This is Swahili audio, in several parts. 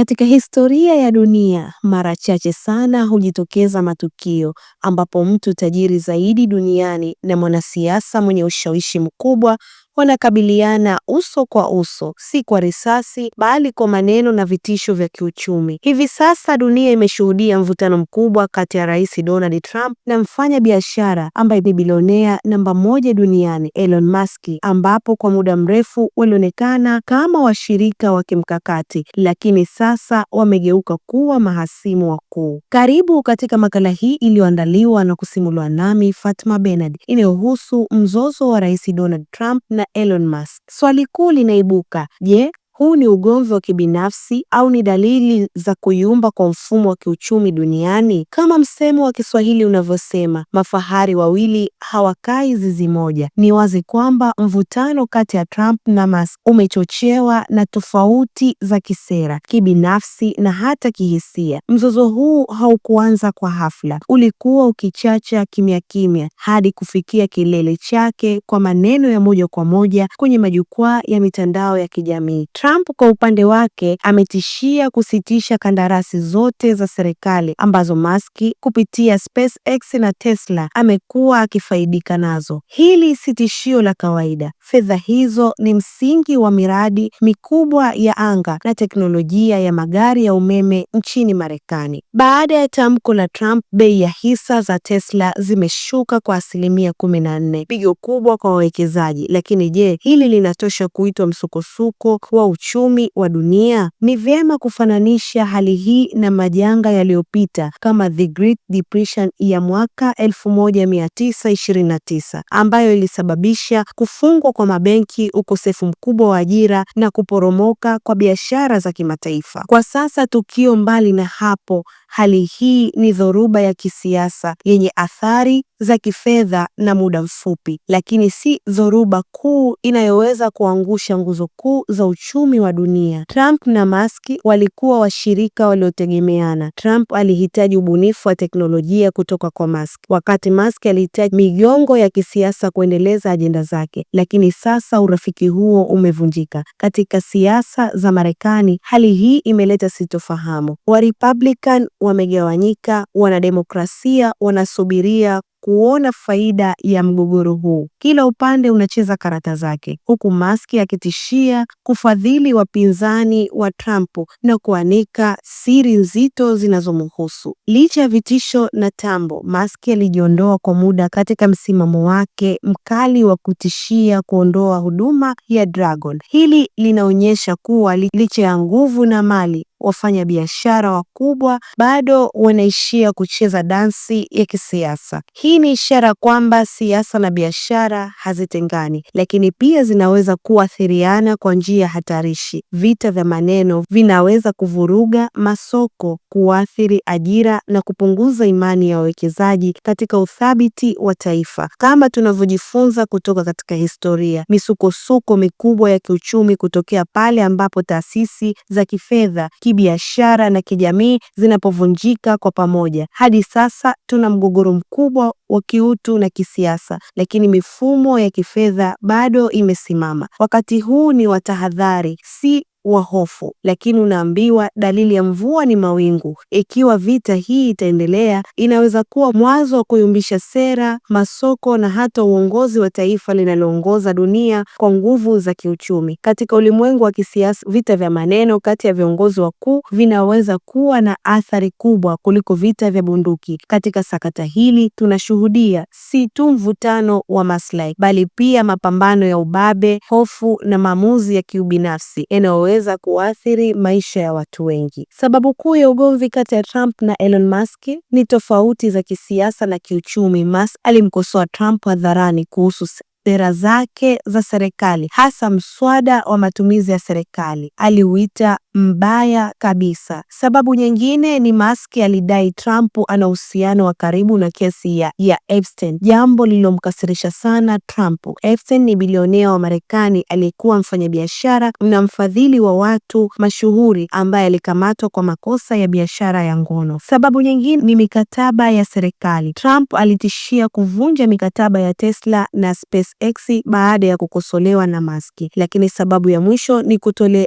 Katika historia ya dunia, mara chache sana hujitokeza matukio ambapo mtu tajiri zaidi duniani na mwanasiasa mwenye ushawishi mkubwa wanakabiliana uso kwa uso, si kwa risasi, bali kwa maneno na vitisho vya kiuchumi. Hivi sasa dunia imeshuhudia mvutano mkubwa kati ya Rais Donald Trump na mfanya biashara ambaye ni bilionea namba moja duniani Elon Musk, ambapo kwa muda mrefu walionekana kama washirika wa kimkakati, lakini sasa wamegeuka kuwa mahasimu wakuu. Karibu katika makala hii iliyoandaliwa na kusimuliwa nami Fatma Bernard, inayohusu mzozo wa Rais Donald Trump na Elon Musk. Swali kuu linaibuka, je, huu ni ugomvi wa kibinafsi au ni dalili za kuyumba kwa mfumo wa kiuchumi duniani? Kama msemo wa Kiswahili unavyosema, mafahari wawili hawakai zizi moja. Ni wazi kwamba mvutano kati ya Trump na Musk umechochewa na tofauti za kisera, kibinafsi na hata kihisia. Mzozo huu haukuanza kwa hafla, ulikuwa ukichacha kimya kimya hadi kufikia kilele chake kwa maneno ya moja kwa moja kwenye majukwaa ya mitandao ya kijamii. Trump Trump kwa upande wake ametishia kusitisha kandarasi zote za serikali ambazo Musk kupitia SpaceX na Tesla amekuwa akifaidika nazo. Hili si tishio la kawaida. Fedha hizo ni msingi wa miradi mikubwa ya anga na teknolojia ya magari ya umeme nchini Marekani. Baada ya tamko la Trump, bei ya hisa za Tesla zimeshuka kwa asilimia kumi na nne, pigo kubwa kwa wawekezaji. Lakini je, hili linatosha kuitwa msukosuko wa uchumi wa dunia? Ni vyema kufananisha hali hii na majanga yaliyopita kama the Great Depression ya mwaka 1929 ambayo ilisababisha kufungwa kwa mabenki, ukosefu mkubwa wa ajira na kuporomoka kwa biashara za kimataifa. Kwa sasa tukio mbali na hapo Hali hii ni dhoruba ya kisiasa yenye athari za kifedha na muda mfupi, lakini si dhoruba kuu inayoweza kuangusha nguzo kuu za uchumi wa dunia. Trump na Musk walikuwa washirika waliotegemeana. Trump alihitaji ubunifu wa teknolojia kutoka kwa Musk, wakati Musk alihitaji migongo ya kisiasa kuendeleza ajenda zake. Lakini sasa urafiki huo umevunjika. Katika siasa za Marekani, hali hii imeleta sitofahamu. Wa Republican wamegawanyika, wanademokrasia wanasubiria kuona faida ya mgogoro huu. Kila upande unacheza karata zake, huku Musk akitishia kufadhili wapinzani wa Trump na kuanika siri nzito zinazomhusu. Licha ya vitisho na tambo, Musk alijiondoa kwa muda katika msimamo wake mkali wa kutishia kuondoa huduma ya Dragon. Hili linaonyesha kuwa licha ya nguvu na mali wafanyabiashara wakubwa bado wanaishia kucheza dansi ya kisiasa. Hii ni ishara kwamba siasa na biashara hazitengani, lakini pia zinaweza kuathiriana kwa njia hatarishi. Vita vya maneno vinaweza kuvuruga masoko, kuathiri ajira na kupunguza imani ya wawekezaji katika uthabiti wa taifa. Kama tunavyojifunza kutoka katika historia, misukosuko mikubwa ya kiuchumi kutokea pale ambapo taasisi za kifedha, kibiashara na kijamii zinapovunjika kwa pamoja. Hadi sasa tuna mgogoro mkubwa wa kiutu na kisiasa, lakini mifumo ya kifedha bado imesimama. Wakati huu ni wa tahadhari, si wa hofu, lakini unaambiwa dalili ya mvua ni mawingu. Ikiwa vita hii itaendelea, inaweza kuwa mwanzo wa kuyumbisha sera, masoko na hata uongozi wa taifa linaloongoza dunia kwa nguvu za kiuchumi. Katika ulimwengu wa kisiasa, vita vya maneno kati ya viongozi wakuu vinaweza kuwa na athari kubwa kuliko vita vya bunduki. Katika sakata hili, tunashuhudia si tu mvutano wa maslahi, bali pia mapambano ya ubabe, hofu na maamuzi ya kiubinafsi. Eneo kuweza kuathiri maisha ya watu wengi. Sababu kuu ya ugomvi kati ya Trump na Elon Musk ni tofauti za kisiasa na kiuchumi. Musk alimkosoa Trump hadharani kuhusu sera zake za serikali, hasa mswada wa matumizi ya serikali aliuita mbaya kabisa. Sababu nyingine ni Musk alidai Trump ana uhusiano wa karibu na kesi ya, ya Epstein, jambo lililomkasirisha sana Trump. Epstein ni bilionea wa Marekani aliyekuwa mfanyabiashara na mfadhili wa watu mashuhuri ambaye alikamatwa kwa makosa ya biashara ya ngono. Sababu nyingine ni mikataba ya serikali. Trump alitishia kuvunja mikataba ya Tesla na SpaceX baada ya kukosolewa na Musk. Lakini sababu ya mwisho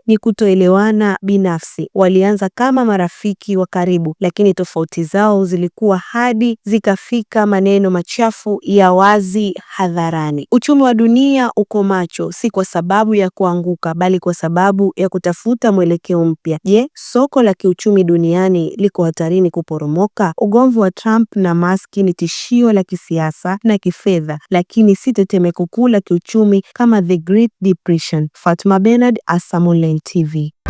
ni kutoelewana binafsi. Walianza kama marafiki wa karibu, lakini tofauti zao zilikuwa hadi zikafika maneno machafu ya wazi hadharani. Uchumi wa dunia uko macho, si kwa sababu ya kuanguka, bali kwa sababu ya kutafuta mwelekeo mpya. Je, soko la kiuchumi duniani liko hatarini kuporomoka? Ugomvi wa Trump na Musk ni tishio la kisiasa na kifedha, lakini si tetemeko kuu la kiuchumi kama the Great Depression. Fatma Bernard, Asam Online TV.